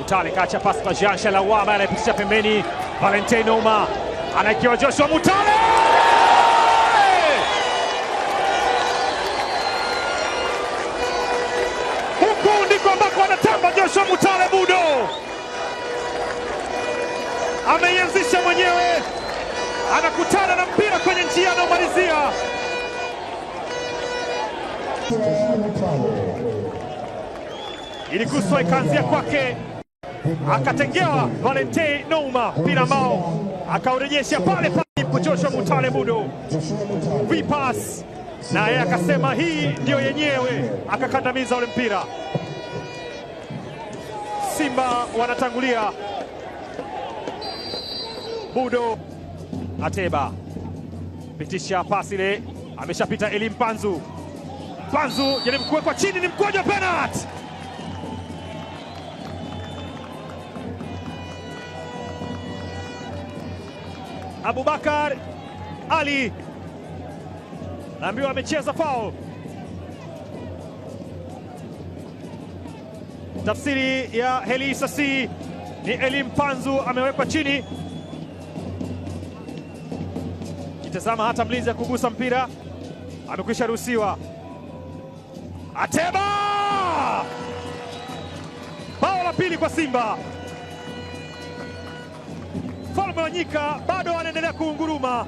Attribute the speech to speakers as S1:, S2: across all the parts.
S1: Mutale kacha pasi kwa Jean Shalawa ambaye anaipitisha pembeni. Valentine Oma anaikiwa Joshua Mutale huku ndiko ambako anatamba Joshua Mutale Budo, ameianzisha mwenyewe, anakutana na mpira kwenye njia anaomalizia ilikuswa ikaanzia kwake akatengewa Valente Nouma, mpira ambao akaurejesha pale pale Joshua Mutale Mudo vipas, naye akasema hii ndiyo yenyewe, akakandamiza ule mpira. Simba wanatangulia. Budo Ateba pitisha pasi ile, ameshapita Elimpanzu Panzu. Panzu jaribu kuwekwa chini, ni mkwaju wa Abubakar Ali naambiwa amecheza fao. Tafsiri ya Heli Sasi ni Elim Panzu amewekwa chini, kitazama hata mlinzi kugusa mpira, amekwisha ruhusiwa. Ateba bao la pili kwa Simba. Manyika bado anaendelea kuunguruma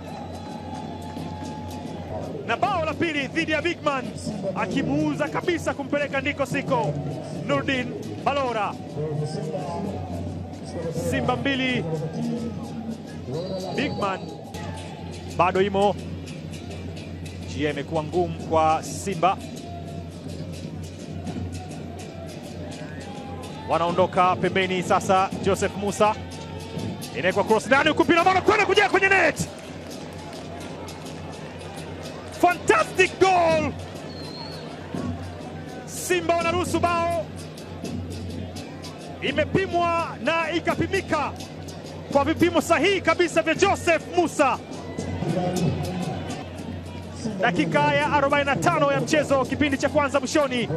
S1: na bao la pili dhidi ya Bigman akimuuza kabisa kumpeleka ndiko siko. Nurdin Balora. Simba mbili Bigman bado imo. Njia imekuwa ngumu kwa Simba, wanaondoka pembeni sasa. Joseph Musa inawekwa cross ndani, huku mpira mwana kwenda kujia kwenye net. Fantastic goal! Simba wanaruhusu bao, imepimwa na ikapimika kwa vipimo sahihi kabisa vya Joseph Musa. Dakika ya 45 ya mchezo, kipindi cha kwanza mwishoni,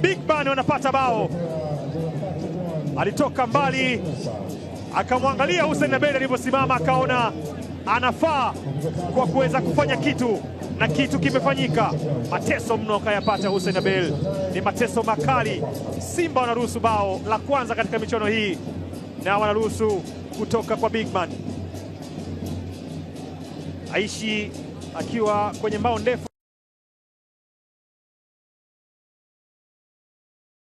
S1: Big Ban wanapata bao. Alitoka mbali akamwangalia Hussein abel alivyosimama, akaona anafaa kwa kuweza kufanya kitu na kitu kimefanyika. Mateso mno akayapata Hussein Abel, ni mateso makali. Simba wanaruhusu bao la kwanza katika michuano hii na wanaruhusu kutoka kwa Bigman Aishi akiwa kwenye mbao ndefu.